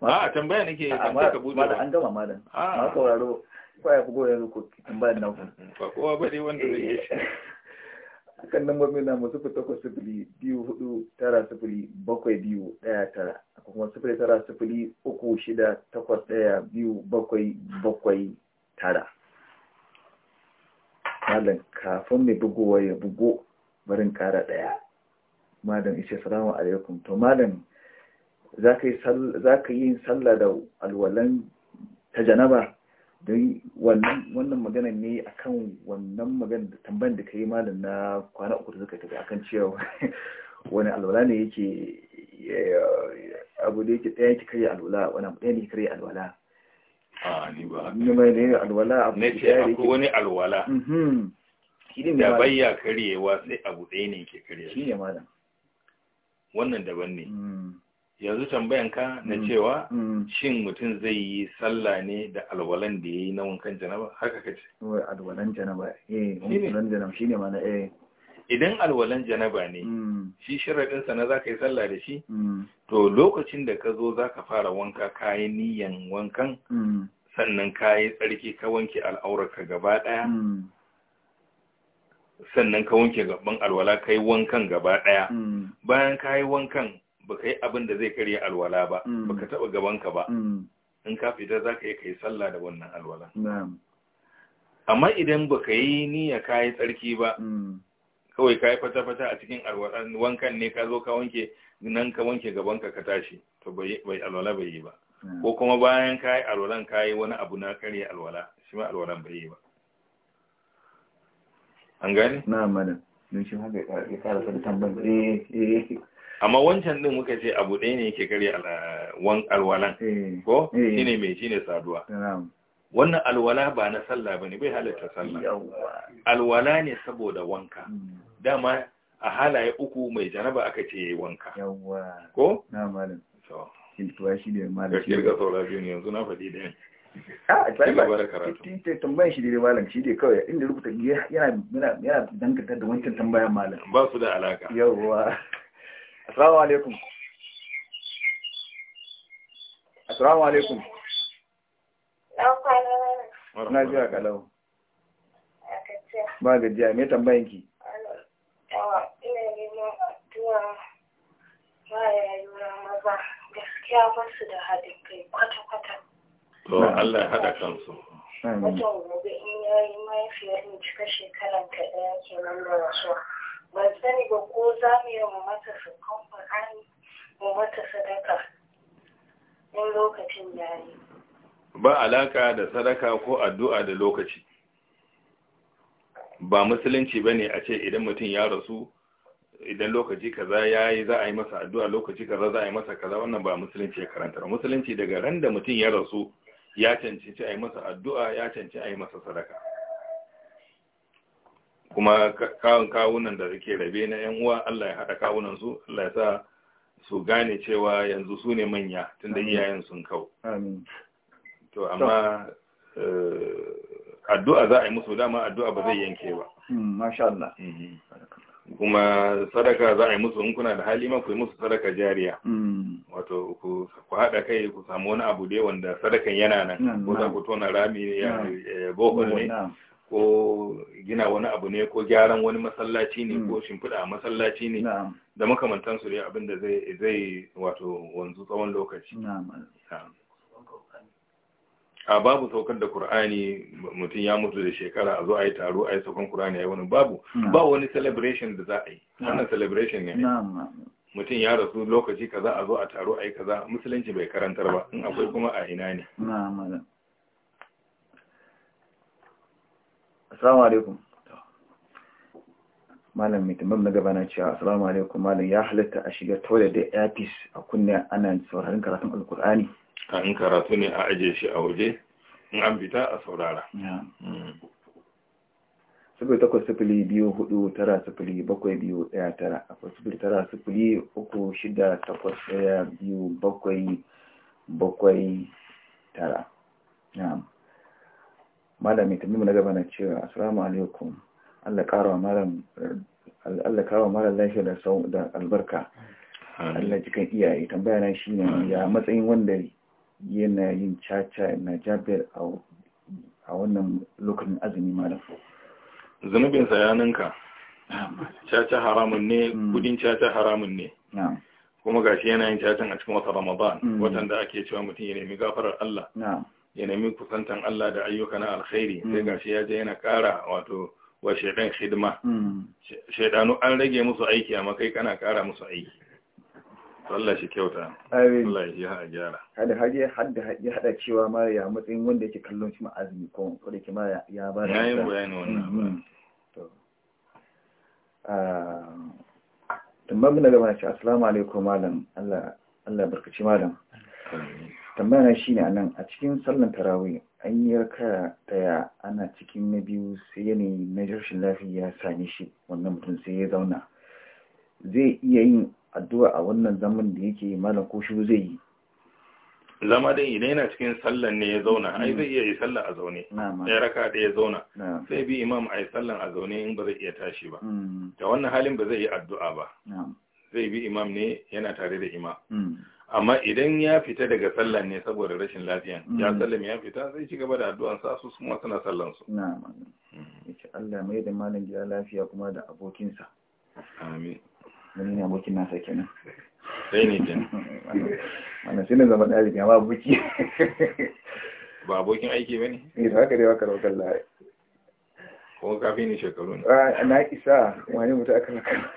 a tambaya nake amma ka bude an gama malam ma sauraro kwaya ku goyon ruku tambayar nan ba kowa ba dai wanda zai yi [laughs] akan lambobin na masu fi takwas sifili biyu hudu tara sifili bakwai biyu daya tara akwai kuma sifili tara sifili uku shida takwas daya biyu bakwai bakwai tara malam kafin mai bugowa ya bugo barin kara daya malam ishe salamu alaikum to malam za ka yi sallah da alwalan ta janaba don wannan magana ne akan wannan magana da tambayin da ka yi malam na kwana uku da suka tafi akan cewa wani alwala ne yake abu da yake ɗaya ki karya alwala wani abu ɗaya ne ki karya alwala a ah, ni ba ne alwala abu ne ce akwai wani alwala mm-hmm. da bayya karyewa sai abu ɗaya ne ke karyewa shi ne malam wannan daban ne mm. yanzu tambayan ka na mm. cewa mm. shin mutum zai yi sallah ne da alwalan da ya yi na wankan janaba haka ka ce alwalan janaba eh alwalan janaba shine mana eh idan alwalan janaba ne shi sharadin sa na ka yi sallah da shi to lokacin da ka zo za ka fara wanka kayan niyan wankan sannan ka yi tsarki ka wanke al'aurarka gaba ɗaya hmm. sannan ka wanke gaban alwala ka yi wankan gaba ɗaya hmm. bayan ka yi wankan ba ka yi abin da zai karya alwala ba hmm. ba ka taɓa gabanka ba in ka fita za ka yi ka yi sallah da wannan alwala amma idan ba ka yi niyya ka yi tsarki ba kawai ka yi fata-fata a cikin wankan ne ka zo ka wanke nan ka wanke gabanka ka tashi to bai alwala bai yi ba ko kuma bayan kayi alwalan kayi wani abu na karya alwala shi ma alwalan bai yi ba an gani na amana don shi haka ya kara sa da tamban amma wancan din muka ce abu ɗaya ne yake karya alwalan eh, eh. ko eh. shine mai shine saduwa wannan alwala ba na sallah ba ne bai halatta sallah alwala ne saboda wanka hmm. dama a halaye uku mai janaba aka ce wanka ko na amana siltuwa shi ne malam shi ga saura biyu ne yanzu na faɗi ah, da a tsaye ba tambayan shi dai malam shi ne kawai inda rubuta yana yana da wancan tambayan malam ba su da alaka yawwa assalamu alaikum assalamu alaikum na jiya kalau ba gajiya me tambayan ki gaskiya ba su da haɗin kai kwata-kwata. To Allah ya haɗa kansu. Watan gobe in ya yi mahaifiyar mu cika shekaran ta ɗaya kenan da wasu, Ban sani ba ko za mu yi mu mata sukan Qur'ani mu mata sadaka in lokacin ya yi. Ba alaka da sadaka ko addu'a da lokaci. Ba musulunci ba ne a ce idan mutum ya rasu idan lokaci kaza ya yi za a yi masa addu'a lokaci kaza za a yi masa kaza wannan ba musulunci ya karanta ba. musulunci daga ran da mutum ya rasu ya cancanci a yi masa addu'a ya cancanci a yi masa sadaka kuma kawun kawunan da suke rabe na ‘yan uwa Allah ya haɗa kawunan su Allah ya sa su gane cewa yanzu su ne manya tun da iyayen sun kau to amma eh, addu'a za a yi musu dama addu'a ba zai yanke ba hmm, masha Allah mhm. kuma sadaka za a yi musu in kuna da hali ma ku yi musu sadaka jariya mm. wato ku haɗa kai ku samu wani abu dai wanda sadakan yana nan ko za ku tona rami ya bohol ne ko gina wani abu ne ko gyaran wani masallaci ne ko mm. shimfiɗa a masallaci ne da makamantansu dai abin da zai wato wanzu tsawon lokaci a babu saukar da Kur'ani mutum ya mutu da shekara a zo a yi taro a yi saukan Kur'ani a yi wani babu ba wani celebration da za a yi wannan celebration ne mutum ya rasu lokaci kaza a zo a taro a yi kaza musulunci bai karantar ba in akwai kuma a ina ne assalamu alaikum malam mai tambar na gabana cewa assalamu alaikum malam ya halitta a shiga toilet da airpiece a kunne ana sauraron karatun alkur'ani in karatu ne a aje shi a waje in an fita a saurara hmm. sifili takwas sifili biyu hudu tara sifili bakwai biyu daya tara akwai sifili tara sifili uku shida takwas daya biyu bakwai bakwai tara malami tambi na gaba na cewa asalamu alaikum allah karawa malam lafiya da albarka allah cikin iyaye tambaya na shi ne ya matsayin wanda Yanayin yin caca na jabir a wannan lokacin azumi malam zunubin yananka. Ah, caca haramun ne hmm. kudin caca haramun ne kuma gashi yana yin cacin a cikin wata ramadan hmm. watan da ake cewa mutum ya nemi gafarar Allah ya nemi kusantan Allah da ayyuka na alkhairi sai hmm. gashi ya je yana kara wato wa shaidan hidima shaidanu an rage musu aiki amma kai kana kara musu aiki Allah shi kyauta. Amin. Allah a gyara. Hada haje ya hada cewa ma matsayin wanda yake kallon shi ma'azumi ko ko da ke ma ya ba da. Yayin bayani wannan. Mm-hmm. To. Ah. Tambayar mu gaba ce assalamu alaikum malam. Allah Allah barkaci malam. a cikin sallan tarawih an yi daya ana cikin na biyu sai yanayi na rashin lafiya ya same shi wannan mutum sai ya zauna. Zai iya yin addu'a a wannan zaman da yake malam ko shi zai yi zama dai idan yana cikin sallan ne ya zauna ai hmm. zai iya yi sallan a zaune ya raka da ya zauna sai bi imam ai sallan a zaune in ba zai iya tashi ba hmm. da wannan halin ba zai yi addu'a ba zai bi imam ne yana tare da imam hmm. amma idan ya fita daga sallan ne saboda rashin lafiya ya sallam ya fita zai ci gaba da addu'an sa su kuma suna sallan su na'am Allah mai da malam gida lafiya kuma da abokinsa amin wani abokin nasa kenan sai ne kenan [laughs] wannan sai ne zama ɗalibi amma buki ba abokin aiki ba ne? ne eh, da haka dai waka raukar lahari kuma kafin ne shekaru ne ah, na isa wani mutu aka raukar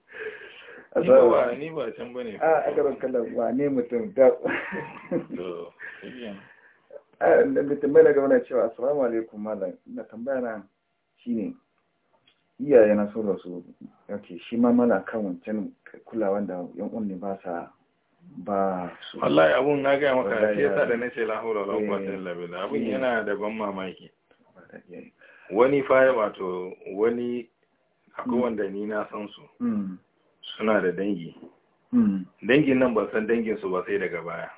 [laughs] asawa ni ba can ba ne a ah, aka raukar lahari ne mutum ta da ah, tambaya daga wani cewa asalamu alaikum malam na tambaya na shi ne. iyaye na sun rasu yake shi ma mana kan wancan kulawan da yan unni ba sa ba su wallahi abun na ga maka shi yasa da nace la hawla wala quwwata eh, illa billah abun eh. yana da ban mamaki eh. wani fa wato wani akwai hmm. wanda ni na san su hmm. suna da dangi hmm. dangin nan ban san dangin su ba sai daga baya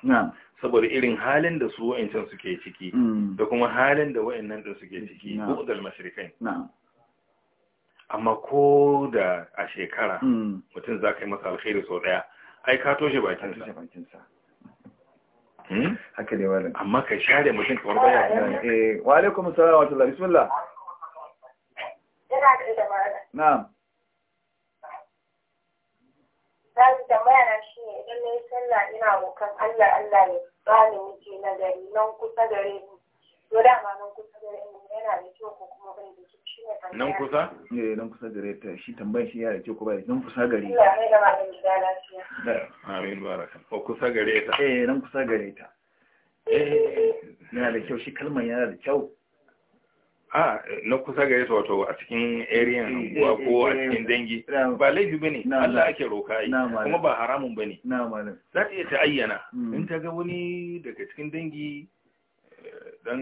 saboda irin halin da su wa'ancan suke ciki da kuma halin da wa'annan din suke ciki bu'dal mashriqain na'am amma ko da a shekara mm. mutum za ka yi masa alkhairi sau daya ai ka toshe bakinsa hmm? haka dai wani amma ka share mutum kamar baya eh wa alaikum salam wa rahmatullahi bismillah na'am zai tambaya na shi ne idan na yi sallah ina wukan Allah Allah ya bani miji na gari nan kusa gare ni to dama nan kusa gare ni yana da kyau ko kuma bai da kyau nan kusa? ne eh, nan kusa gare ta shi tambayin shi yara ce ko bai nan kusa gare ta amin baraka ko kusa gare ta eh nan kusa gare ta eh yana da kyau shi kalmar yana da kyau a na kusa gare ta wato a cikin area unguwa eh, eh, ko a cikin dangi ba laifi bane Allah ake roka yi kuma ba haramun bane na malam za ta iya ta ayyana hmm. in ta ga wani daga cikin dangi dan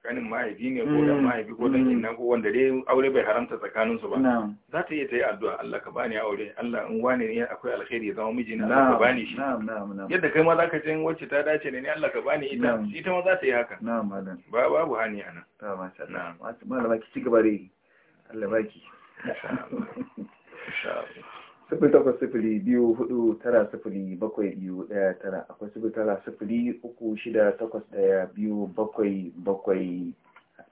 kanin mahaifi ne ko dan mm. mahaifi ko dan mm. inna ko wanda dai aure bai haramta tsakanin su ba za ta iya ta yi addu'a Allah ka bani aure Allah in wane ne akwai alkhairi ya zama mijina Allah ka bani shi yadda kai ma za ka jin wacce ta dace ne Allah ka bani ita ita ma za ta yi haka ba babu hani a nan ah, masha Allah malama ki ci gaba dai Allah baki Allah insha Allah sifili takwas sifili biyu hudu tara sifili bakwai biyu daya tara akwai sifili tara sifili uku shida takwas daya biyu bakwai bakwai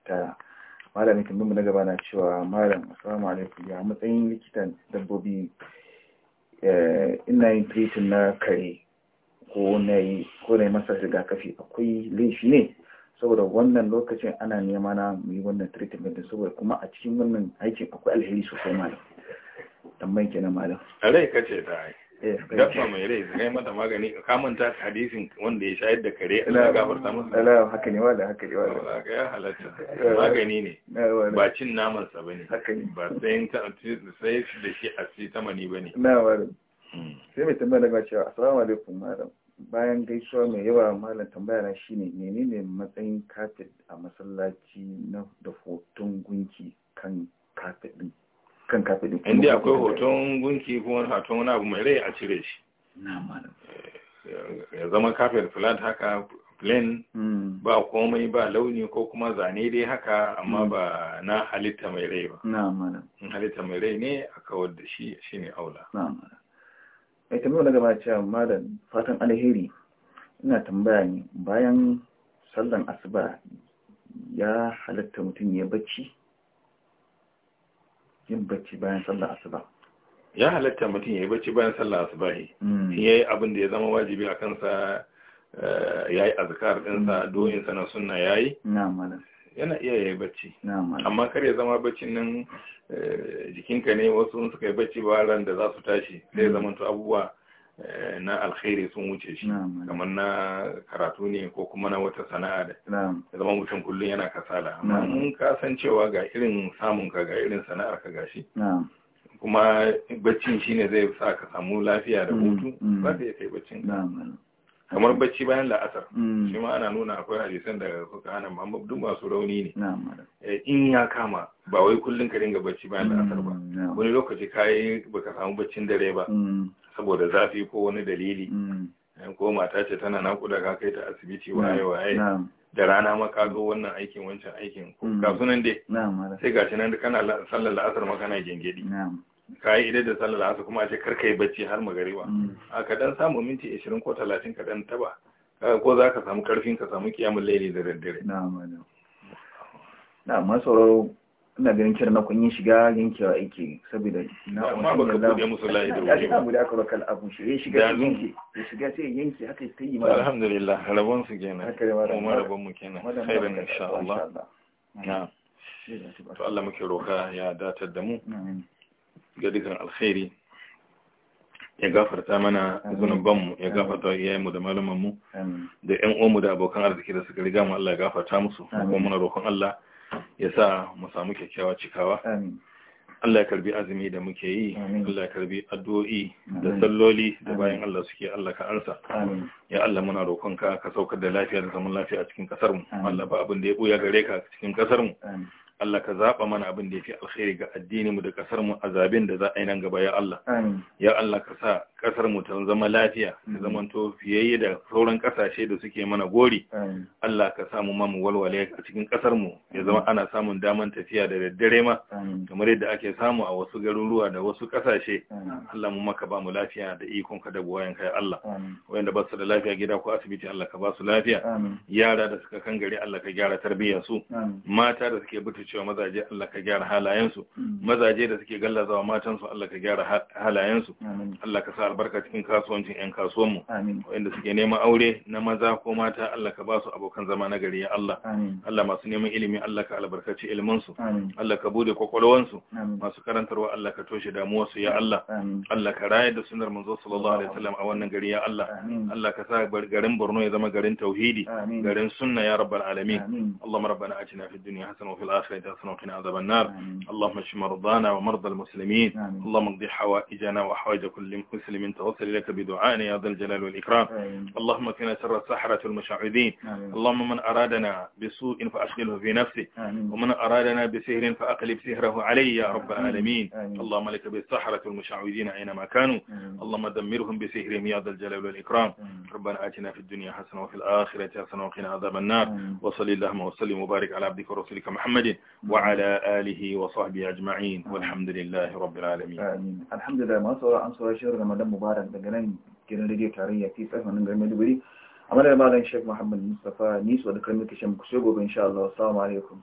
tara malamin tambayinmu na gaba na cewa malam assalamu alaikum ya matsayin likitan dabbobi eh, ina yin treating na kare ko na yi masa rigakafi akwai laifi ne saboda wannan lokacin ana nema na mu yi wannan treatment saboda kuma a cikin wannan aikin akwai alheri sosai malam tambayin kenan malam a rai kace ta yi dabba eh, mai rai zai mata magani ka manta hadisin wanda ya shayar da kare Allah gafarta masa Allah haka ne wala haka ne wala ya halatta eh, magani ne eh, ba cin naman sa bane ba sai ta sai da shi a ci tamani bane na wala hmm. sai mai tambaya daga cewa assalamu alaikum malam bayan gaisuwa mai yawa malam tambaya na shine menene matsayin kafet a masallaci na da hoton gunki kan kafet din kan kafin ɗin. inda akwai hoton gunki kuma hoton wani abu mai rai a cire shi ya zama kafin flat haka plain hmm. ba komai ba launi ko kuma zane dai haka amma hmm. ba na halitta mai rai ba in halitta mai rai ne a kawar da shi shine aula mai tambayar na gaba cewa malam fatan alheri ina tambaya ne bayan sallan asuba ya halatta mutum ya bacci yin bacci bayan sallar asuba ya halatta mutum ya yi bacci bayan sallar asuba ne hmm. ya yi abin da ya zama wajibi a kansa eh, ya yi azkar ɗinsa hmm. doyin na sunna ya yi yana iya ya yi bacci amma kar ya zama baccin nan eh, jikinka ne wasu suka yi bacci ba ran da za su tashi sai hmm. zama abubuwa Eh, na alkhairi sun wuce shi kamar na karatu ne ko kuma na wata sana'a da zama mutum kullum yana kasala amma mun kasan cewa ga irin samun ka ga irin sana'ar ka gashi kuma baccin shine zai sa ka samu lafiya da mm, hutu za mm. zai iya kai baccin kamar bacci bayan la'asar mm. shi ma ana nuna akwai hadisan daga suka hana amma duk masu rauni ne eh, in ya kama ba wai kullum ka dinga bacci bayan la'asar ba wani lokaci kayi baka samu baccin dare ba saboda zafi ko wani dalili mm. ko mata ce tana nakuda ka kai ta asibiti waye waye da rana ma ka zo wannan aikin wancan aikin mm. ga sunan dai sai ga nan da kana sallar la'asar ma kana gengedi ka yi idai da sallar la'asar kuma a ce kar ka yi bacci har magariba mm. a ka dan samu minti ashirin ko talatin ka dan taba ko za ka samu karfin ka samu kiyamun laili da daddare na'am masauraro ina ganin kira na kun yi shiga yankewa aiki saboda na amma baka bude musu layi da wuri ba guda ka baka abu shi ya shiga yanke ya shiga sai yanke haka ta yi ma alhamdulillah rabon su kenan kuma rabon mu kenan khairan insha Allah na to Allah muke roka ya datar da mu ga dukkan alkhairi ya gafarta mana zunuban mu, ya gafarta mu da malaman mu. da ƴan mu da abokan arziki da suka riga mu Allah ya gafarta musu kuma muna roƙon Allah ya sa mu samu kyakkyawa cikawa Allah ya karbi azumi da muke yi Allah ya karbi addu'o'i da salloli da bayan Allah suke Allah ka arsa ya Allah muna roƙonka ka saukar da lafiya da zaman lafiya a cikin ƙasarmu. Allah ba abin da ya buya gare ka cikin ƙasarmu. Allah ka zaɓa mana abin da ya fi alkhairi ga addini mu da ƙasarmu a zaben da za a yi nan gaba ya Allah. Ya Allah ka sa kasar mu ta zama lafiya ta mm-hmm. zama to fiyayye da sauran kasashe da suke mana gori Allah ka samu ma mu walwale a cikin kasar mu ya zama ana samun daman tafiya da daddare ma kamar yadda ake samu a wasu garuruwa da wasu kasashe Allah mu maka ba mu lafiya da ikon ka da buwayen kai Allah wayanda ba su da lafiya gida ko asibiti Allah ka ba su lafiya yara da suka kan gari Allah ka gyara tarbiyyar su mata da suke butucewa mazaje Allah ka gyara halayen su mazaje da suke gallazawa matan su Allah ka gyara halayen su Allah ka sa albarka cikin kasuwancin 'yan mu wanda suke neman aure na maza ko mata Allah ka ba su abokan zama na gari ya Allah Allah masu neman ilimi Allah ka albarkaci iliminsu Allah ka bude masu karantarwa Allah ka toshe damuwarsu ya Allah Allah ka raya da sunar manzo sallallahu alaihi wasallam a wannan gari ya Allah Allah ka sa garin Borno ya zama garin tauhidi garin sunna ya rabbal alamin Allahumma rabbana atina fid dunya hasana wa fil akhirati hasana wa qina nar Allahumma shfi wa marda muslimin Allahumma qdi hawaijana wa hawaij kulli muslim لمن توصل إليك بدعائنا يا ذا الجلال والإكرام اللهم كنا شر السحرة والمشعوذين اللهم من أرادنا بسوء فأشغله في نفسه ومن أرادنا بسهر فأقلب سهره عليه يا رب العالمين اللهم لك بالسحرة المشعوذين أينما كانوا اللهم دمرهم بسهرهم يا ذا الجلال والإكرام ربنا آتنا في الدنيا حسنة وفي الآخرة حسنة وقنا عذاب النار وصلي اللهم وسلم وبارك على عبدك ورسولك محمد وعلى آله وصحبه أجمعين والحمد لله رب العالمين آمين. الحمد لله ما صار عن صلاة شهر رمضان Adam Mubarak daga nan gidan rediyo tarayya fi tsarfanin garin Maiduguri a madadin malam Sheikh Muhammad Mustafa Nisu da kan muke shan ku sai gobe insha Allah assalamu alaikum